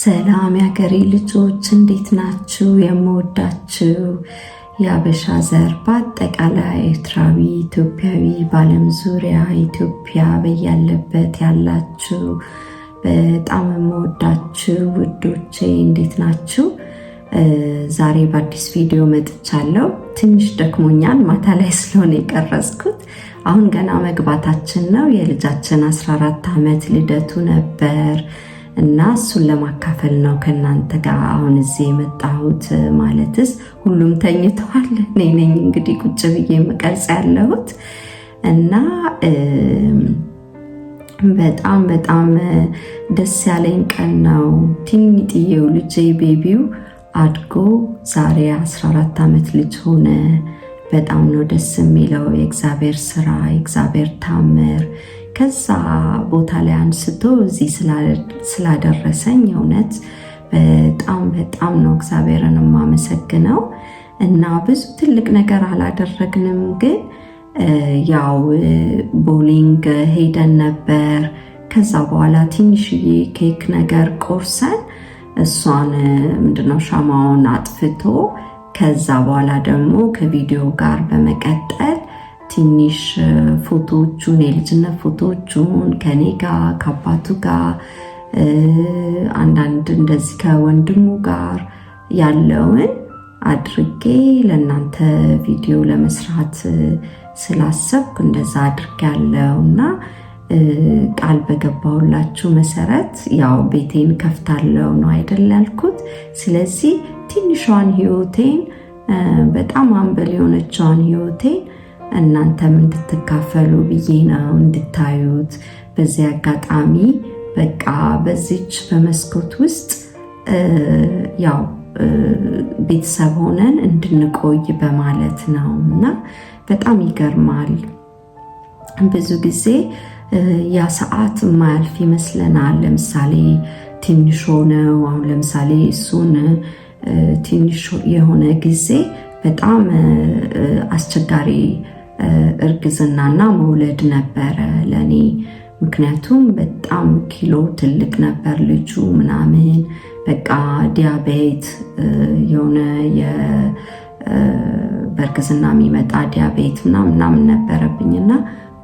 ሰላም ያገሬ ልጆች እንዴት ናችሁ? የምወዳችሁ የአበሻ ዘር በአጠቃላይ ኤርትራዊ፣ ኢትዮጵያዊ በዓለም ዙሪያ ኢትዮጵያ በያለበት ያላችሁ በጣም የምወዳችሁ ውዶቼ እንዴት ናችሁ? ዛሬ በአዲስ ቪዲዮ መጥቻለሁ። ትንሽ ደክሞኛል፣ ማታ ላይ ስለሆነ የቀረጽኩት። አሁን ገና መግባታችን ነው። የልጃችን 14 ዓመት ልደቱ ነበር። እና እሱን ለማካፈል ነው ከእናንተ ጋር አሁን እዚህ የመጣሁት። ማለትስ ሁሉም ተኝተዋል፣ እኔ ነኝ እንግዲህ ቁጭ ብዬ የምቀርጽ ያለሁት እና በጣም በጣም ደስ ያለኝ ቀን ነው። ትንጥዬው ልጄ ቤቢው አድጎ ዛሬ 14 ዓመት ልጅ ሆነ። በጣም ነው ደስ የሚለው የእግዚአብሔር ስራ የእግዚአብሔር ታምር ከዛ ቦታ ላይ አንስቶ እዚህ ስላደረሰኝ እውነት በጣም በጣም ነው እግዚአብሔርን የማመሰግነው እና ብዙ ትልቅ ነገር አላደረግንም፣ ግን ያው ቦሊንግ ሄደን ነበር። ከዛ በኋላ ትንሽዬ ኬክ ነገር ቆርሰን እሷን ምንድነው ሻማውን አጥፍቶ ከዛ በኋላ ደግሞ ከቪዲዮ ጋር በመቀጠል ትንሽ ፎቶዎቹን የልጅነት ፎቶዎቹን ከኔ ጋር ከአባቱ ጋር አንዳንድ እንደዚህ ከወንድሙ ጋር ያለውን አድርጌ ለእናንተ ቪዲዮ ለመስራት ስላሰብኩ እንደዛ አድርጌ ያለው እና ቃል በገባሁላችሁ መሰረት ያው ቤቴን ከፍታለው ነው አይደል ያልኩት። ስለዚህ ትንሿን ህይወቴን በጣም አንበል የሆነችዋን ህይወቴን እናንተም እንድትካፈሉ ብዬ ነው እንድታዩት። በዚህ አጋጣሚ በቃ በዚች በመስኮት ውስጥ ያው ቤተሰብ ሆነን እንድንቆይ በማለት ነው እና በጣም ይገርማል። ብዙ ጊዜ ያ ሰዓት ማያልፍ ይመስለናል። ለምሳሌ ትንሾ ነው። አሁን ለምሳሌ እሱን ትንሽ የሆነ ጊዜ በጣም አስቸጋሪ እርግዝናና መውለድ ነበረ ለኔ። ምክንያቱም በጣም ኪሎ ትልቅ ነበር ልጁ ምናምን በቃ ዲያቤት የሆነ በእርግዝና የሚመጣ ዲያቤት ምናምን ነበረብኝና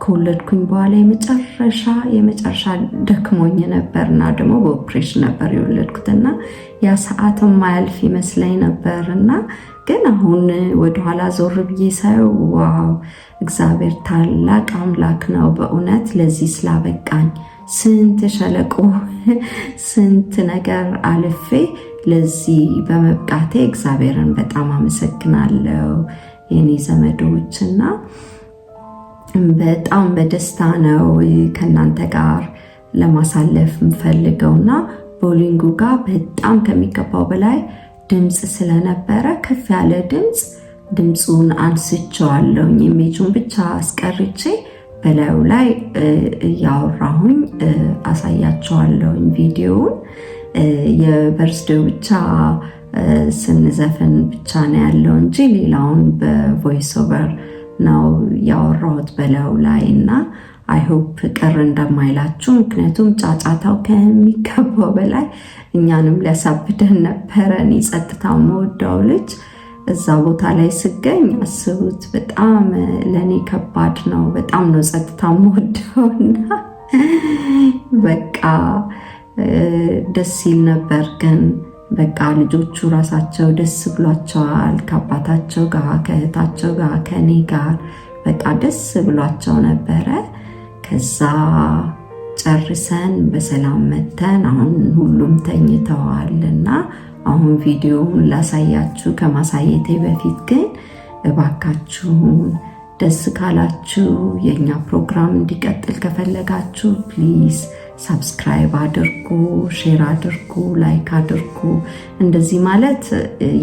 ከወለድኩኝ በኋላ የመጨረሻ የመጨረሻ ደክሞኝ ነበር እና ደግሞ በኦፕሬሽን ነበር የወለድኩትና ያ ሰዓት ማያልፍ ይመስለኝ ነበር እና ግን አሁን ወደኋላ ዞር ብዬ ሳየው ዋው እግዚአብሔር ታላቅ አምላክ ነው። በእውነት ለዚህ ስላበቃኝ ስንት ሸለቆ ስንት ነገር አልፌ ለዚህ በመብቃቴ እግዚአብሔርን በጣም አመሰግናለሁ። የኔ ዘመዶች እና በጣም በደስታ ነው ከእናንተ ጋር ለማሳለፍ እና ቦሊንጉ ጋር በጣም ከሚገባው በላይ ድምፅ ስለነበረ ከፍ ያለ ድምፅ ድምፁን አንስቸዋለሁኝ። የሜጁን ብቻ አስቀርቼ በላዩ ላይ እያወራሁኝ አሳያቸዋለሁኝ ቪዲዮውን። የበርስዴው ብቻ ስንዘፍን ብቻ ነው ያለው እንጂ ሌላውን በቮይስ ኦቨር ነው ያወራሁት በላዩ ላይ እና ሆፕ ቅር እንደማይላችሁ ምክንያቱም ጫጫታው ከሚገባው በላይ እኛንም ሊያሳብደን ነበረ። እኔ ጸጥታው መወዳው ልጅ እዛ ቦታ ላይ ስገኝ አስቡት። በጣም ለእኔ ከባድ ነው። በጣም ነው ጸጥታ መወዳውና በቃ ደስ ይል ነበር ግን በቃ ልጆቹ ራሳቸው ደስ ብሏቸዋል። ከአባታቸው ጋር ከእህታቸው ጋር ከኔ ጋር በቃ ደስ ብሏቸው ነበረ። ከዛ ጨርሰን በሰላም መተን አሁን ሁሉም ተኝተዋል እና አሁን ቪዲዮውን ላሳያችሁ። ከማሳየቴ በፊት ግን እባካችሁን ደስ ካላችሁ የእኛ ፕሮግራም እንዲቀጥል ከፈለጋችሁ ፕሊዝ ሰብስክራይብ አድርጉ፣ ሼር አድርጉ፣ ላይክ አድርጉ። እንደዚህ ማለት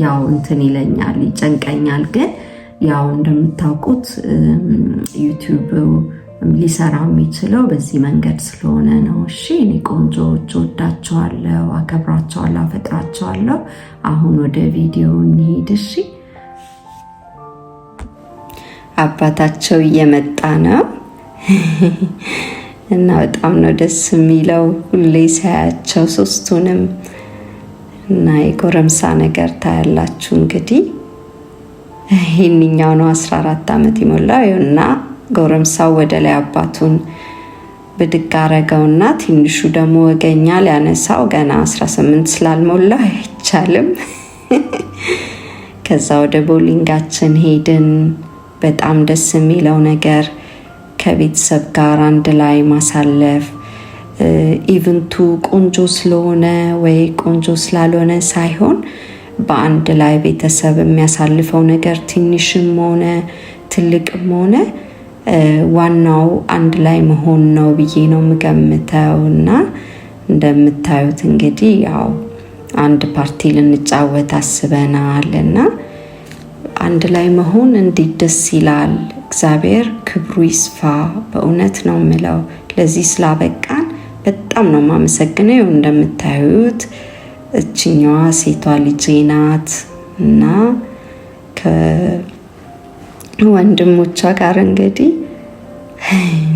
ያው እንትን ይለኛል፣ ይጨንቀኛል። ግን ያው እንደምታውቁት ዩቲዩብ ሊሰራ የሚችለው በዚህ መንገድ ስለሆነ ነው። እሺ እኔ ቆንጆዎች ወዳቸዋለሁ፣ አከብራቸዋለሁ፣ አፈጥራቸዋለሁ። አሁን ወደ ቪዲዮ እንሄድ። እሺ አባታቸው እየመጣ ነው። እና በጣም ነው ደስ የሚለው ሁሌ ሳያቸው ሶስቱንም። እና የጎረምሳ ነገር ታያላችሁ እንግዲህ ይህንኛው ነው አስራ አራት ዓመት የሞላው እና ጎረምሳው ወደ ላይ አባቱን ብድግ አረገውና ትንሹ ደግሞ ወገኛ ሊያነሳው ገና 18 ስላልሞላው አይቻልም። ከዛ ወደ ቦሊንጋችን ሄድን። በጣም ደስ የሚለው ነገር ከቤተሰብ ጋር አንድ ላይ ማሳለፍ ኢቨንቱ ቆንጆ ስለሆነ ወይ ቆንጆ ስላልሆነ ሳይሆን በአንድ ላይ ቤተሰብ የሚያሳልፈው ነገር ትንሽም ሆነ ትልቅም ሆነ ዋናው አንድ ላይ መሆን ነው ብዬ ነው የምገምተው። እና እንደምታዩት እንግዲህ ያው አንድ ፓርቲ ልንጫወት አስበናል እና አንድ ላይ መሆን እንዴት ደስ ይላል እግዚአብሔር ክብሩ ይስፋ። በእውነት ነው የምለው ለዚህ ስላበቃን በጣም ነው የማመሰግነው። ይኸው እንደምታዩት እችኛዋ ሴቷ ልጄ ናት እና ከወንድሞቿ ጋር እንግዲህ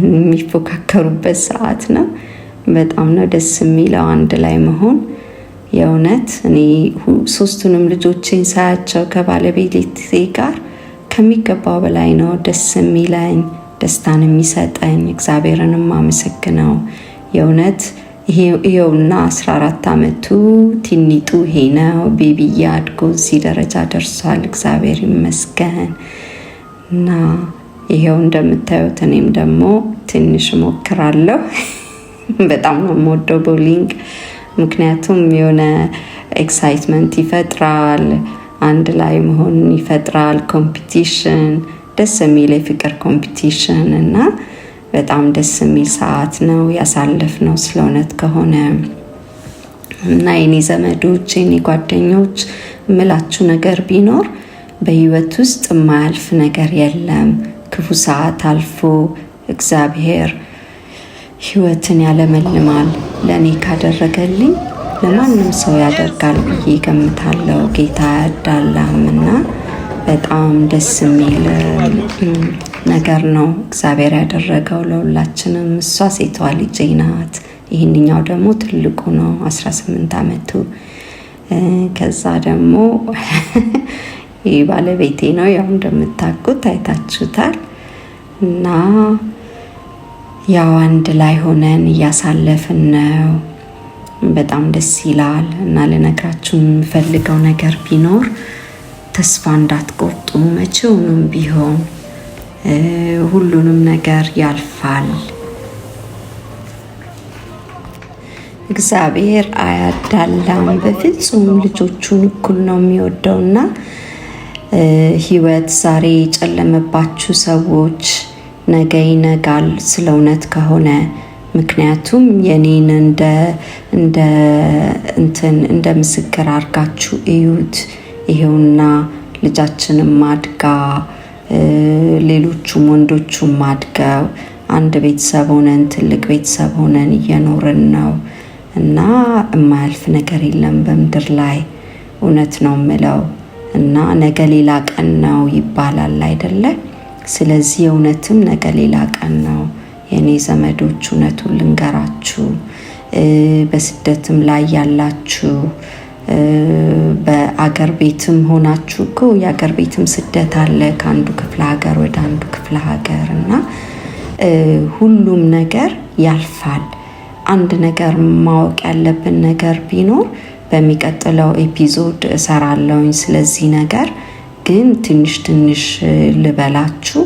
የሚፎካከሩበት ሰዓት ነው። በጣም ነው ደስ የሚለው አንድ ላይ መሆን። የእውነት እኔ ሶስቱንም ልጆቼን ሳያቸው ከባለቤቴ ጋር ከሚገባው በላይ ነው ደስ የሚለኝ ደስታን የሚሰጠኝ እግዚአብሔርንም አመሰግነው። የእውነት ይኸውና 14 አመቱ ትንሹ ይሄ ነው። ቤቢዬ አድጎ እዚህ ደረጃ ደርሷል። እግዚአብሔር ይመስገን እና ይሄው እንደምታዩት እኔም ደግሞ ትንሽ ሞክራለሁ። በጣም ነው የምወደው ቦሊንግ፣ ምክንያቱም የሆነ ኤክሳይትመንት ይፈጥራል። አንድ ላይ መሆንን ይፈጥራል። ኮምፒቲሽን ደስ የሚል የፍቅር ኮምፒቲሽን እና በጣም ደስ የሚል ሰዓት ነው ነው ስለ እውነት ከሆነ እና የኔ ዘመዶች የኔ ጓደኞች እምላችሁ ነገር ቢኖር በህይወት ውስጥ የማያልፍ ነገር የለም። ክፉ ሰዓት አልፎ እግዚአብሔር ህይወትን ያለመልማል። ለእኔ ካደረገልኝ ለማንም ሰው ያደርጋል ብዬ እገምታለሁ። ጌታ እና በጣም ደስ የሚል ነገር ነው እግዚአብሔር ያደረገው ለሁላችንም። እሷ ሴቷ ልጄ ናት። ይህንኛው ደግሞ ትልቁ ነው 18 ዓመቱ። ከዛ ደግሞ ይህ ባለቤቴ ነው። ያው እንደምታውቁት አይታችሁታል። እና ያው አንድ ላይ ሆነን እያሳለፍን ነው በጣም ደስ ይላል እና ልነግራችሁ የምፈልገው ነገር ቢኖር ተስፋ እንዳትቆርጡ። መቼውንም ቢሆን ሁሉንም ነገር ያልፋል። እግዚአብሔር አያዳላም፣ በፍጹም ልጆቹን እኩል ነው የሚወደው ና ህይወት ዛሬ የጨለመባችሁ ሰዎች ነገ ይነጋል ስለ እውነት ከሆነ ምክንያቱም የኔን እንደ እንትን እንደ ምስክር አድርጋችሁ እዩት። ይሄውና ልጃችንም ማድጋ ሌሎቹም ወንዶቹም አድገው አንድ ቤተሰብ ሆነን ትልቅ ቤተሰብ ሆነን እየኖርን ነው እና የማያልፍ ነገር የለም በምድር ላይ እውነት ነው የምለው። እና ነገ ሌላ ቀን ነው ይባላል አይደለ? ስለዚህ የእውነትም ነገ ሌላ ቀን ነው። የኔ ዘመዶች እውነቱን ልንገራችሁ፣ በስደትም ላይ ያላችሁ በአገር ቤትም ሆናችሁ እኮ የአገር ቤትም ስደት አለ ከአንዱ ክፍለ ሀገር ወደ አንዱ ክፍለ ሀገር እና ሁሉም ነገር ያልፋል። አንድ ነገር ማወቅ ያለብን ነገር ቢኖር በሚቀጥለው ኤፒዞድ እሰራለውኝ ስለዚህ ነገር ግን ትንሽ ትንሽ ልበላችሁ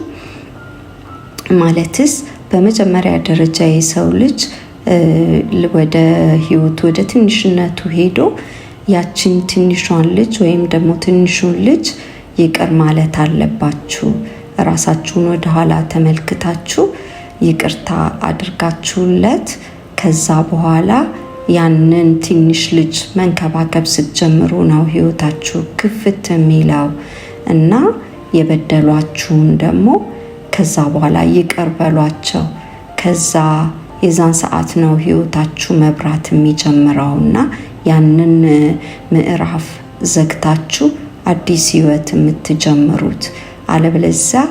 ማለትስ በመጀመሪያ ደረጃ የሰው ልጅ ወደ ህይወቱ ወደ ትንሽነቱ ሄዶ ያችን ትንሿን ልጅ ወይም ደግሞ ትንሹን ልጅ ይቅር ማለት አለባችሁ። ራሳችሁን ወደ ኋላ ተመልክታችሁ ይቅርታ አድርጋችሁለት ከዛ በኋላ ያንን ትንሽ ልጅ መንከባከብ ስትጀምሩ ነው ህይወታችሁ ክፍት የሚለው እና የበደሏችሁን ደግሞ ከዛ በኋላ ይቅር በሏቸው። ከዛ የዛን ሰዓት ነው ህይወታችሁ መብራት የሚጀምረውና ያንን ምዕራፍ ዘግታችሁ አዲስ ህይወት የምትጀምሩት። አለበለዚያ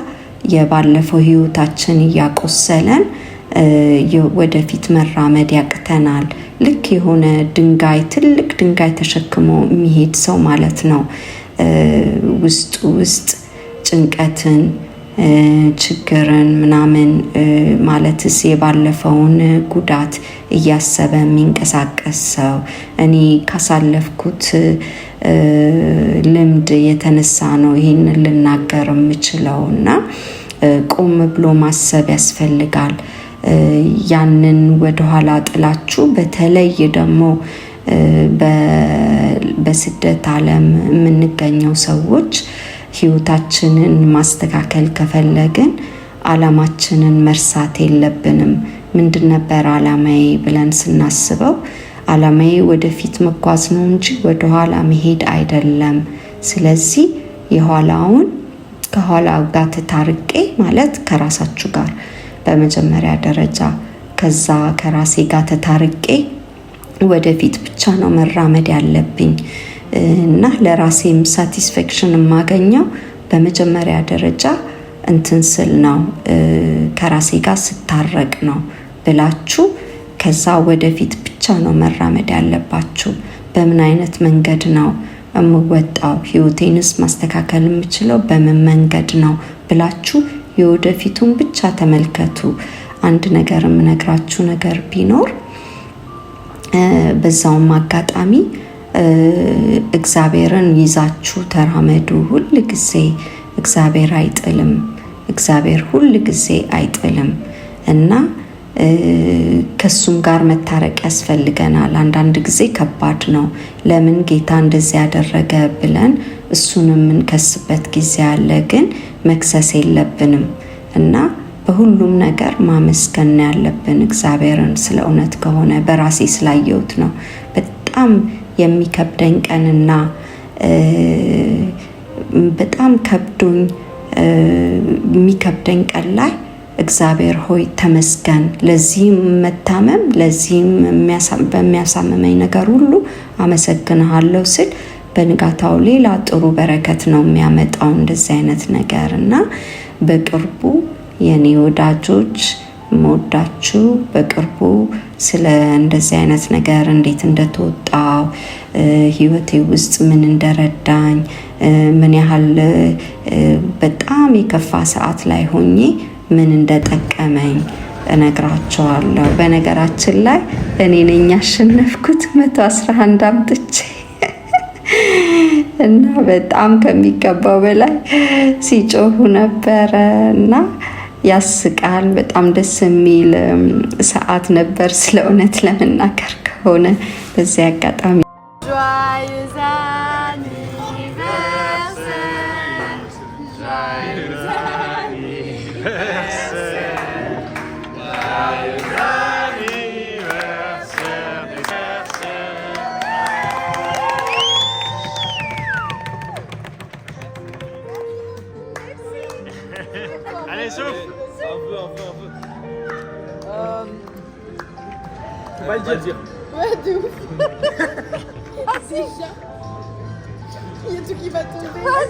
የባለፈው ህይወታችን እያቆሰለን ወደፊት መራመድ ያቅተናል። ልክ የሆነ ድንጋይ ትልቅ ድንጋይ ተሸክሞ የሚሄድ ሰው ማለት ነው። ውስጡ ውስጥ ጭንቀትን ችግርን ምናምን ማለትስ የባለፈውን ጉዳት እያሰበ የሚንቀሳቀስ ሰው እኔ ካሳለፍኩት ልምድ የተነሳ ነው ይህን ልናገር የምችለው እና ቆም ብሎ ማሰብ ያስፈልጋል። ያንን ወደኋላ ጥላችሁ በተለይ ደግሞ በስደት ዓለም የምንገኘው ሰዎች ህይወታችንን ማስተካከል ከፈለግን አላማችንን መርሳት የለብንም። ምንድን ነበር አላማዬ ብለን ስናስበው አላማዬ ወደፊት መጓዝ ነው እንጂ ወደኋላ መሄድ አይደለም። ስለዚህ የኋላውን ከኋላ ጋር ትታርቄ ማለት ከራሳችሁ ጋር በመጀመሪያ ደረጃ ከዛ ከራሴ ጋር ተታርቄ ወደፊት ብቻ ነው መራመድ ያለብኝ። እና ለራሴም ሳቲስፋክሽን የማገኘው በመጀመሪያ ደረጃ እንትን ስል ነው ከራሴ ጋር ስታረቅ ነው ብላችሁ ከዛ ወደፊት ብቻ ነው መራመድ ያለባችሁ። በምን አይነት መንገድ ነው የምወጣው፣ ህይወቴንስ ማስተካከል የምችለው በምን መንገድ ነው ብላችሁ የወደፊቱን ብቻ ተመልከቱ። አንድ ነገር የምነግራችሁ ነገር ቢኖር በዛውም አጋጣሚ እግዚአብሔርን ይዛችሁ ተራመዱ። ሁል ጊዜ እግዚአብሔር አይጥልም። እግዚአብሔር ሁል ጊዜ አይጥልም እና ከሱም ጋር መታረቅ ያስፈልገናል። አንዳንድ ጊዜ ከባድ ነው። ለምን ጌታ እንደዚህ ያደረገ ብለን እሱን የምንከስበት ጊዜ አለ። ግን መክሰስ የለብንም እና በሁሉም ነገር ማመስገን ያለብን እግዚአብሔርን። ስለ እውነት ከሆነ በራሴ ስላየሁት ነው በጣም የሚከብደኝ ቀንና በጣም ከብዶኝ የሚከብደኝ ቀን ላይ እግዚአብሔር ሆይ ተመስገን፣ ለዚህም መታመም ለዚህም በሚያሳምመኝ ነገር ሁሉ አመሰግንሃለሁ ስል በንጋታው ሌላ ጥሩ በረከት ነው የሚያመጣው እንደዚህ አይነት ነገር እና በቅርቡ የኔ ወዳጆች መወዳችሁ በቅርቡ ስለ እንደዚህ አይነት ነገር እንዴት እንደተወጣው ህይወቴ ውስጥ ምን እንደረዳኝ ምን ያህል በጣም የከፋ ሰዓት ላይ ሆኜ ምን እንደጠቀመኝ እነግራቸዋለሁ። በነገራችን ላይ እኔ ነኝ ያሸነፍኩት መቶ አስራ አንድ አምጥቼ እና በጣም ከሚገባው በላይ ሲጮሁ ነበረ እና ያስቃል። በጣም ደስ የሚል ሰዓት ነበር፣ ስለ እውነት ለመናገር ከሆነ በዚያ አጋጣሚ va dire. Ouais, de ouf. Déjà. Il y a tout qui va tomber.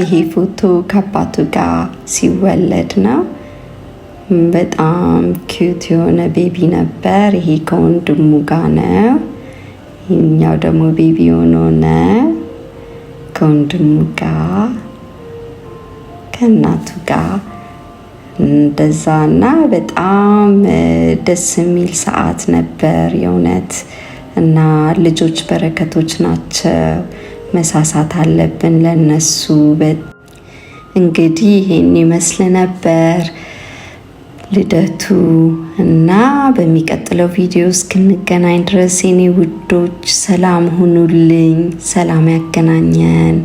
ይሄ ፎቶ ከአባቱ ጋር ሲወለድ ነው። በጣም ኪዩት የሆነ ቤቢ ነበር። ይሄ ከወንድሙ ጋር ነው። ይህኛው ደግሞ ቤቢ ሆኖ ነው ከወንድሙ ጋር ከእናቱ ጋር እንደዛ እና በጣም ደስ የሚል ሰዓት ነበር የእውነት። እና ልጆች በረከቶች ናቸው፣ መሳሳት አለብን ለነሱ። እንግዲህ ይሄን ይመስል ነበር ልደቱ እና በሚቀጥለው ቪዲዮ እስክንገናኝ ድረስ የኔ ውዶች ሰላም ሁኑልኝ። ሰላም ያገናኘን።